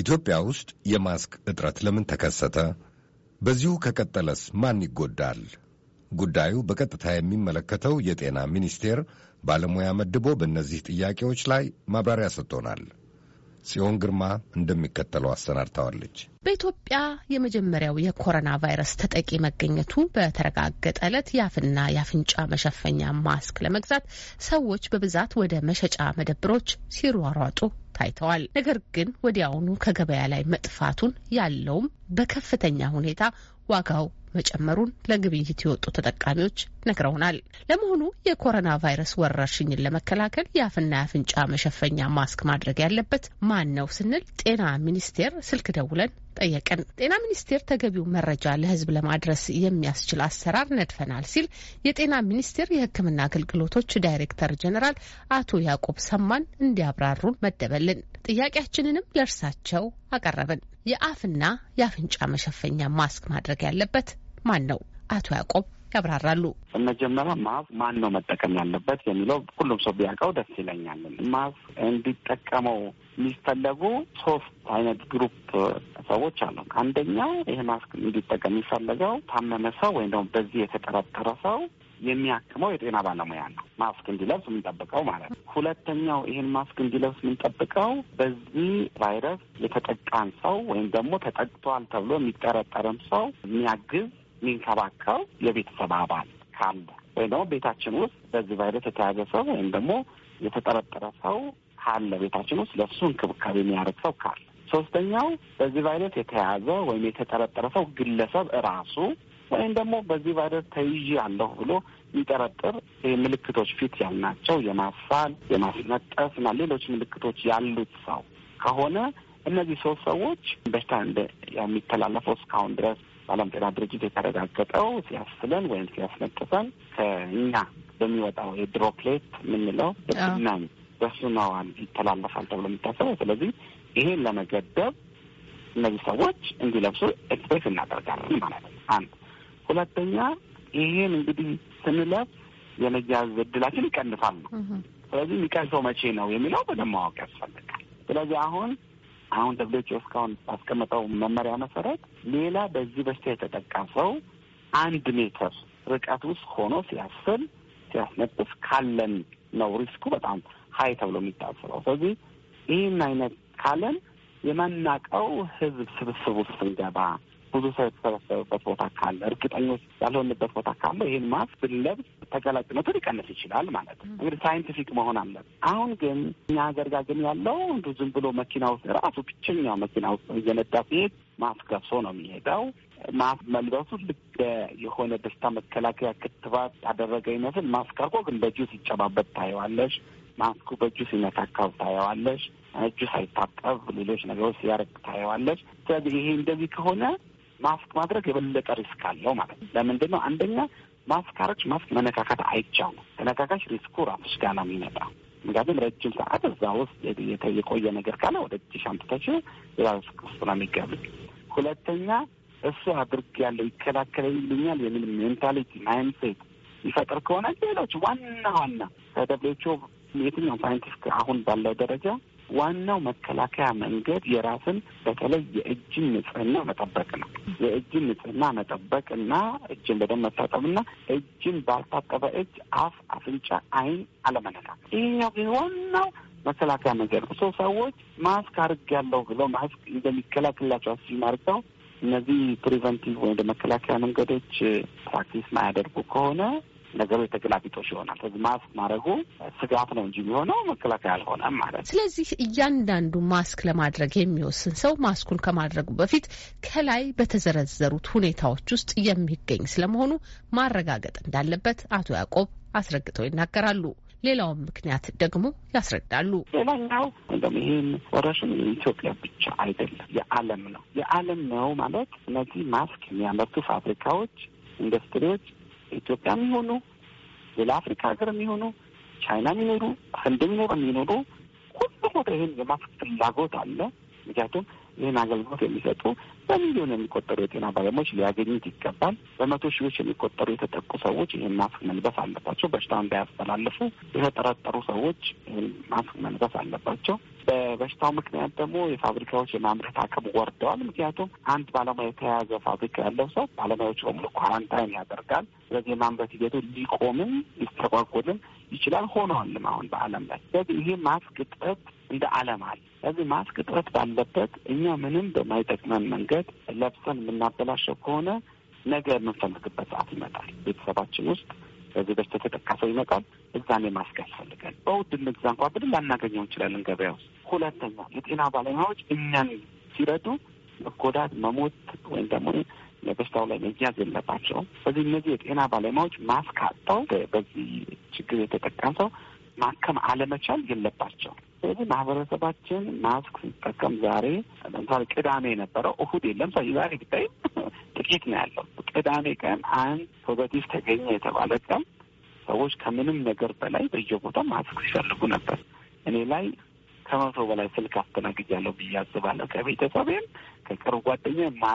ኢትዮጵያ ውስጥ የማስክ እጥረት ለምን ተከሰተ? በዚሁ ከቀጠለስ ማን ይጎዳል? ጉዳዩ በቀጥታ የሚመለከተው የጤና ሚኒስቴር ባለሙያ መድቦ በእነዚህ ጥያቄዎች ላይ ማብራሪያ ሰጥቶናል። ጽዮን ግርማ እንደሚከተለው አሰናድተዋለች። በኢትዮጵያ የመጀመሪያው የኮሮና ቫይረስ ተጠቂ መገኘቱ በተረጋገጠ ዕለት የአፍና የአፍንጫ መሸፈኛ ማስክ ለመግዛት ሰዎች በብዛት ወደ መሸጫ መደብሮች ሲሯሯጡ ታይተዋል። ነገር ግን ወዲያውኑ ከገበያ ላይ መጥፋቱን ያለውም በከፍተኛ ሁኔታ ዋጋው መጨመሩን ለግብይት የወጡ ተጠቃሚዎች ነግረውናል። ለመሆኑ የኮሮና ቫይረስ ወረርሽኝን ለመከላከል የአፍና የአፍንጫ መሸፈኛ ማስክ ማድረግ ያለበት ማን ነው ስንል ጤና ሚኒስቴር ስልክ ደውለን ጠየቅን። ጤና ሚኒስቴር ተገቢው መረጃ ለሕዝብ ለማድረስ የሚያስችል አሰራር ነድፈናል ሲል የጤና ሚኒስቴር የሕክምና አገልግሎቶች ዳይሬክተር ጀኔራል አቶ ያዕቆብ ሰማን እንዲያብራሩን መደበልን። ጥያቄያችንንም ለእርሳቸው አቀረብን። የአፍና የአፍንጫ መሸፈኛ ማስክ ማድረግ ያለበት ማን ነው? አቶ ያዕቆብ ያብራራሉ። መጀመሪያ ማስክ ማን ነው መጠቀም ያለበት የሚለው ሁሉም ሰው ቢያውቀው ደስ ይለኛል። ማስክ እንዲጠቀመው የሚፈለጉ ሶስት አይነት ግሩፕ ሰዎች አሉ። አንደኛው ይሄ ማስክ እንዲጠቀም የሚፈለገው ታመመ ሰው ወይም ደግሞ በዚህ የተጠረጠረ ሰው የሚያክመው የጤና ባለሙያ ነው። ማስክ እንዲለብስ የምንጠብቀው ማለት ነው። ሁለተኛው ይህን ማስክ እንዲለብስ የምንጠብቀው በዚህ ቫይረስ የተጠቃን ሰው ወይም ደግሞ ተጠቅቷል ተብሎ የሚጠረጠርም ሰው የሚያግዝ የሚንከባከው የቤተሰብ አባል ካለ ወይም ደግሞ ቤታችን ውስጥ በዚህ ቫይረስ የተያዘ ሰው ወይም ደግሞ የተጠረጠረ ሰው ካለ ቤታችን ውስጥ ለእሱ እንክብካቤ የሚያደርግ ሰው ካለ ሶስተኛው በዚህ ቫይረስ የተያዘ ወይም የተጠረጠረ ሰው ግለሰብ ራሱ ወይም ደግሞ በዚህ ቫይረስ ተይዥ ያለሁ ብሎ የሚጠረጥር ምልክቶች ፊት ያልናቸው የማሳል፣ የማስነጠስ እና ሌሎች ምልክቶች ያሉት ሰው ከሆነ እነዚህ ሶስት ሰዎች በሽታ የሚተላለፈው እስካሁን ድረስ በዓለም ጤና ድርጅት የተረጋገጠው ሲያስለን ወይም ሲያስነጥሰን ከእኛ በሚወጣው የድሮፕሌት የምንለው በናኝ በሱናዋን ይተላለፋል ተብሎ የሚታሰበው። ስለዚህ ይሄን ለመገደብ እነዚህ ሰዎች እንዲለብሱ ኤክስፕሬስ እናደርጋለን ማለት ነው አንድ ሁለተኛ ይሄን እንግዲህ ስንለፍ የመያዝ እድላችን ይቀንሳል ነው። ስለዚህ የሚቀንሰው መቼ ነው የሚለው በደንብ ማወቅ ያስፈልጋል። ስለዚህ አሁን አሁን ደብዶች እስካሁን ባስቀመጠው መመሪያ መሰረት ሌላ በዚህ በሽታ የተጠቀሰው አንድ ሜትር ርቀት ውስጥ ሆኖ ሲያስል ሲያስነጥስ ካለን ነው ሪስኩ በጣም ሀይ ተብሎ የሚታስበው። ስለዚህ ይህን አይነት ካለን የማናቀው ህዝብ ስብስብ ውስጥ ስንገባ ብዙ ሰው የተሰበሰበበት ቦታ ካለ፣ እርግጠኞች ያልሆንበት ቦታ ካለ ይህን ማስክ ብንለብስ ተገላጭነቱ ሊቀንስ ይችላል ማለት ነው። እንግዲህ ሳይንቲፊክ መሆን አለ አሁን ግን እኛ ሀገር ጋር ግን ያለው እንዱ ዝም ብሎ መኪና ውስጥ ራሱ ብቸኛው መኪና ውስጥ እየነዳ ሲሄድ ማስክ ለብሶ ነው የሚሄደው። ማስክ መልበሱ ልክ የሆነ ደስታ መከላከያ ክትባት ያደረገ ይመስል ማስክ አርጎ ግን በእጁ ሲጨባበት ታየዋለሽ። ማስኩ በእጁ ሲነካካብ ታየዋለሽ። እጁ ሳይታጠብ ሌሎች ነገሮች ሲያደርግ ታየዋለሽ። ስለዚህ ይሄ እንደዚህ ከሆነ ማስክ ማድረግ የበለጠ ሪስክ አለው ማለት ነው። ለምንድን ነው? አንደኛ ማስክ አረች ማስክ መነካካት አይቻሉም። ተነካካሽ ሪስኩ ራስሽ ጋር ነው የሚመጣ። ምክንያቱም ረጅም ሰዓት እዛ ውስጥ የቆየ ነገር ካለ ወደ እጅሽ አምጥተሽው ራስክ ውስጥ ነው የሚገቡት። ሁለተኛ እሱ አድርግ ያለው ይከላከልልኛል የሚል ሜንታሊቲ ማይንሴት ይፈጥር ከሆነ ሌሎች ዋና ዋና ከደብሌቾ የትኛው ሳይንቲስት አሁን ባለው ደረጃ ዋናው መከላከያ መንገድ የራስን በተለይ የእጅን ንጽህና መጠበቅ ነው። የእጅን ንጽህና መጠበቅ እና እጅን በደንብ መታጠብ እና እጅን ባልታጠበ እጅ አፍ፣ አፍንጫ፣ አይን አለመነካት። ይህኛው ግን ዋናው መከላከያ መንገድ ነው። ሰው ሰዎች ማስክ አርግ ያለው ብለው ማስክ እንደሚከላከልላቸው አስ ማርገው እነዚህ ፕሪቨንቲቭ ወይም መከላከያ መንገዶች ፕራክቲስ ማያደርጉ ከሆነ ነገሮች ተገላቢጦሽ ይሆናል። ስለዚህ ማስክ ማድረጉ ስጋት ነው እንጂ የሚሆነው መከላከያ አልሆነም ማለት ነው። ስለዚህ እያንዳንዱ ማስክ ለማድረግ የሚወስን ሰው ማስኩን ከማድረጉ በፊት ከላይ በተዘረዘሩት ሁኔታዎች ውስጥ የሚገኝ ስለመሆኑ ማረጋገጥ እንዳለበት አቶ ያዕቆብ አስረግጠው ይናገራሉ። ሌላውን ምክንያት ደግሞ ያስረዳሉ። ሌላኛው እንደውም ይህን ወረርሽኝ የኢትዮጵያ ብቻ አይደለም፣ የዓለም ነው። የዓለም ነው ማለት እነዚህ ማስክ የሚያመርቱ ፋብሪካዎች፣ ኢንዱስትሪዎች ኢትዮጵያም ይሆኑ ሌላ አፍሪካ ሀገር የሚሆኑ ቻይና የሚኖሩ ህንድ የሚኖሩ የሚኖሩ ሁሉ ቦታ ይህን የማፍት ፍላጎት አለ። ምክንያቱም ይህን አገልግሎት የሚሰጡ በሚሊዮን የሚቆጠሩ የጤና ባለሙያዎች ሊያገኙት ይገባል። በመቶ ሺዎች የሚቆጠሩ የተጠቁ ሰዎች ይህን ማስክ መልበስ አለባቸው። በሽታ እንዳያስተላልፉ የተጠረጠሩ ሰዎች ይህን ማስክ መልበስ አለባቸው። በበሽታው ምክንያት ደግሞ የፋብሪካዎች የማምረት አቅም ወርደዋል። ምክንያቱም አንድ ባለሙያ የተያያዘ ፋብሪካ ያለው ሰው ባለሙያዎች በሙሉ ኳራንታይን ያደርጋል። ስለዚህ የማምረት ሂደቱ ሊቆምም ሊስተጓጎልም ይችላል። ሆነዋልም አሁን በዓለም ላይ ስለዚህ ይሄ ማስክ እጥረት እንደ ዓለም አለ። ስለዚህ ማስክ እጥረት ባለበት እኛ ምንም በማይጠቅመን መንገድ ለብሰን የምናበላሸው ከሆነ ነገ የምንፈልግበት ሰዓት ይመጣል። ቤተሰባችን ውስጥ በዚህ በሽታ ተጠቃ ሰው ይመጣል። እዛኔ ማስክ ያስፈልጋል። በውድ እንግዛ እንኳ ብድን ላናገኘው እንችላለን ገበያ ውስጥ ሁለተኛ የጤና ባለሙያዎች እኛን ሲረዱ መጎዳት፣ መሞት ወይም ደግሞ በሽታው ላይ መያዝ የለባቸውም። ስለዚህ እነዚህ የጤና ባለሙያዎች ማስክ አጥተው በዚህ ችግር የተጠቀም ሰው ማከም አለመቻል የለባቸው። ስለዚህ ማህበረሰባችን ማስክ ሲጠቀም ዛሬ ለምሳሌ ቅዳሜ የነበረው እሁድ የለም ሰው ዛሬ ጉዳይ ጥቂት ነው ያለው። ቅዳሜ ቀን አንድ ፖዘቲቭ ተገኘ የተባለ ቀን ሰዎች ከምንም ነገር በላይ በየቦታው ማስክ ሲፈልጉ ነበር። እኔ ላይ ከመቶ በላይ ስልክ አስተናግጃለሁ ብዬ አስባለሁ። ከቤተሰብም ከቅርብ ጓደኛ ማ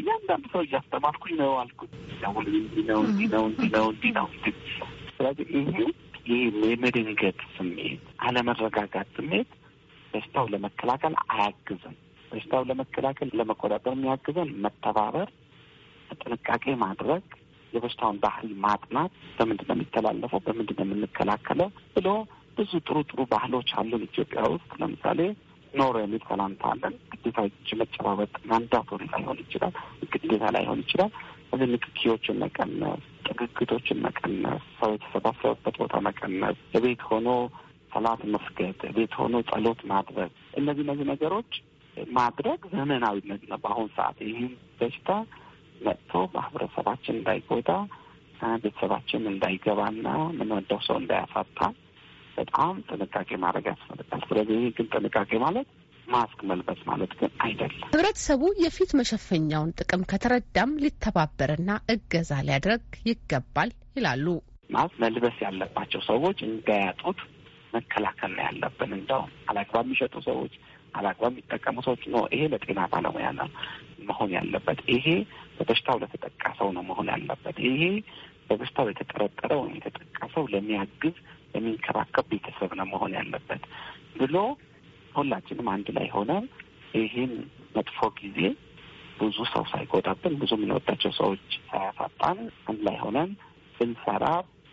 እያንዳንዱ ሰው እያስተማርኩኝ ነው አልኩኝ ነው ነው ነው ነው ነው። ስለዚህ ይሄ የመደንገጥ ስሜት፣ አለመረጋጋት ስሜት በሽታው ለመከላከል አያግዝም። በሽታው ለመከላከል ለመቆጣጠር የሚያግዘን መተባበር፣ ጥንቃቄ ማድረግ፣ የበሽታውን ባህሪ ማጥናት፣ በምንድን ነው የሚተላለፈው፣ በምንድን ነው የምንከላከለው ብሎ ብዙ ጥሩ ጥሩ ባህሎች አሉን ኢትዮጵያ ውስጥ። ለምሳሌ ኖሮ የሚል ሰላምታ አለን። ግዴታ እጅ መጨባበጥ ማንዳቶን ላይሆን ይችላል፣ ግዴታ ላይሆን ይችላል። እዚህ ንክኪዎችን መቀነስ፣ ጥግግቶችን መቀነስ፣ ሰው የተሰባሰበበት ቦታ መቀነስ፣ የቤት ሆኖ ሰላት መስገድ፣ ቤት ሆኖ ጸሎት ማድረግ፣ እነዚህ እነዚህ ነገሮች ማድረግ ዘመናዊነት ነው። በአሁን ሰዓት ይህም በሽታ መጥቶ ማህበረሰባችን እንዳይጎዳ ቤተሰባችን እንዳይገባና ምንወደው ሰው እንዳያሳታ በጣም ጥንቃቄ ማድረግ ያስፈልጋል። ስለዚህ ይህ ግን ጥንቃቄ ማለት ማስክ መልበስ ማለት ግን አይደለም። ህብረተሰቡ የፊት መሸፈኛውን ጥቅም ከተረዳም ሊተባበርና እገዛ ሊያደርግ ይገባል ይላሉ። ማስክ መልበስ ያለባቸው ሰዎች እንዳያጡት መከላከል ነው ያለብን። እንደውም አላግባብ የሚሸጡ ሰዎች፣ አላግባብ የሚጠቀሙ ሰዎች ነው። ይሄ ለጤና ባለሙያ ነው መሆን ያለበት። ይሄ በበሽታው ለተጠቃሰው ነው መሆን ያለበት። ይሄ በበሽታው የተጠረጠረ ወይም የተጠቃሰው ለሚያግዝ የሚንከባከብ ቤተሰብ ነው መሆን ያለበት ብሎ ሁላችንም አንድ ላይ ሆነን ይህን መጥፎ ጊዜ ብዙ ሰው ሳይጎዳብን ብዙ የምንወዳቸው ሰዎች ሳያሳጣን አንድ ላይ ሆነን ብንሰራ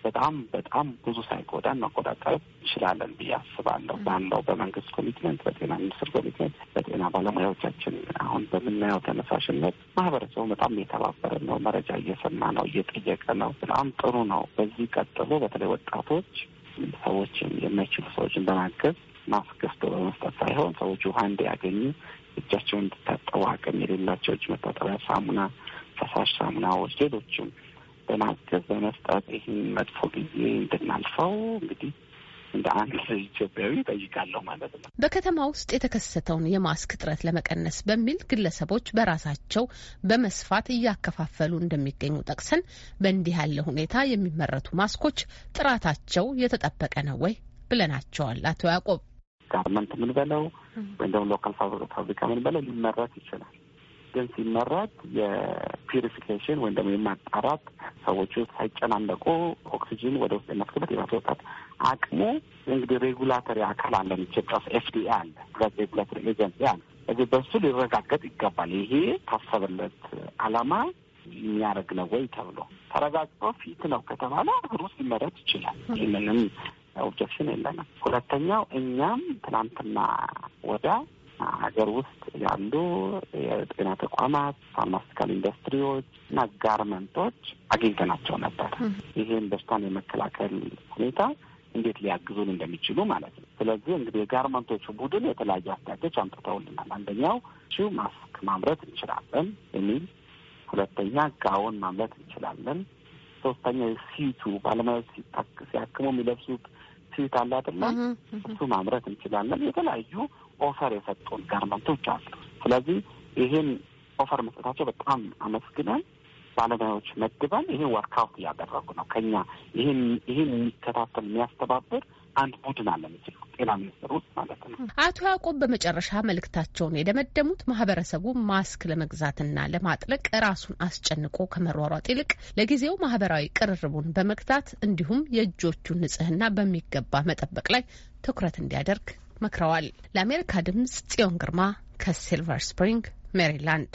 በጣም በጣም ብዙ ሳይጎዳን መቆጣጠር እንችላለን ብዬ አስባለሁ። ባለው በመንግስት ኮሚትመንት፣ በጤና ሚኒስትር ኮሚትመንት፣ በጤና ባለሙያዎቻችን አሁን በምናየው ተነሳሽነት ማህበረሰቡ በጣም እየተባበረ ነው። መረጃ እየሰማ ነው፣ እየጠየቀ ነው። በጣም ጥሩ ነው። በዚህ ቀጥሎ በተለይ ወጣቶች ሰዎችን የማይችሉ ሰዎችን በማገዝ ማስገዝቶ በመስጠት ሳይሆን ሰዎች ውሃ እንዲያገኙ እጃቸውን እንዲታጠቡ አቅም የሌላቸው እጅ መታጠቢያ ሳሙና፣ ፈሳሽ ሳሙናዎች፣ ሌሎችም በማገዝ በመስጠት ይህን መጥፎ ጊዜ እንድናልፈው እንግዲህ እንደ አንድ ኢትዮጵያዊ ጠይቃለሁ ማለት ነው። በከተማ ውስጥ የተከሰተውን የማስክ እጥረት ለመቀነስ በሚል ግለሰቦች በራሳቸው በመስፋት እያከፋፈሉ እንደሚገኙ ጠቅሰን በእንዲህ ያለ ሁኔታ የሚመረቱ ማስኮች ጥራታቸው የተጠበቀ ነው ወይ ብለናቸዋል። አቶ ያዕቆብ ጋርመንት ምንበለው ወይም ደግሞ ሎካል ፋብሪካ ምንበለው ሊመረት ይችላል ኮሚሽን ሲመረት የፒሪፊኬሽን ወይም ደግሞ የማጣራት ሰዎቹ ሳይጨናነቁ ኦክሲጂን ወደ ውስጥ የማስገባት የማስወጣት አቅሙ እንግዲህ ሬጉላተሪ አካል አለ። ኢትዮጵያ ውስጥ ኤፍዲኤ አለ፣ ሬጉላተሪ ኤጀንሲ አለ። እዚህ በሱ ሊረጋገጥ ይገባል። ይሄ ታሰበለት አላማ የሚያደርግ ነው ወይ ተብሎ ተረጋግጦ ፊት ነው ከተባለ ሩስ ሊመረጥ ይችላል። ይህንንም ኦብጀክሽን የለንም። ሁለተኛው እኛም ትናንትና ወዳ ሀገር ውስጥ ያሉ የጤና ተቋማት፣ ፋርማስቲካል ኢንዱስትሪዎች እና ጋርመንቶች አግኝተናቸው ነበር። ይህን በሽታን የመከላከል ሁኔታ እንዴት ሊያግዙን እንደሚችሉ ማለት ነው። ስለዚህ እንግዲህ የጋርመንቶቹ ቡድን የተለያዩ አስተያየቶች አምጥተውልናል። አንደኛው ሺው ማስክ ማምረት እንችላለን የሚል፣ ሁለተኛ ጋውን ማምረት እንችላለን፣ ሶስተኛ ሲቱ ባለሙያዎች ሲታክ ሲያክሙ የሚለብሱት ሲት አለ አይደለ? እሱ ማምረት እንችላለን። የተለያዩ ኦፈር የሰጡን ጋርመንቶች አሉ። ስለዚህ ይህን ኦፈር መስጠታቸው በጣም አመስግነን ባለሙያዎች መድበን ይህን ወርክውት እያደረጉ ነው። ከኛ ይህን ይህን የሚከታተል የሚያስተባብር አንድ ቡድን አለ ምችል ጤና ሚኒስትር ማለት ነው። አቶ ያዕቆብ በመጨረሻ መልእክታቸውን የደመደሙት ማህበረሰቡ ማስክ ለመግዛትና ለማጥለቅ ራሱን አስጨንቆ ከመሯሯጥ ይልቅ ለጊዜው ማህበራዊ ቅርርቡን በመግታት እንዲሁም የእጆቹን ንጽህና በሚገባ መጠበቅ ላይ ትኩረት እንዲያደርግ መክረዋል። ለአሜሪካ ድምጽ ጽዮን ግርማ ከሲልቨር ስፕሪንግ ሜሪላንድ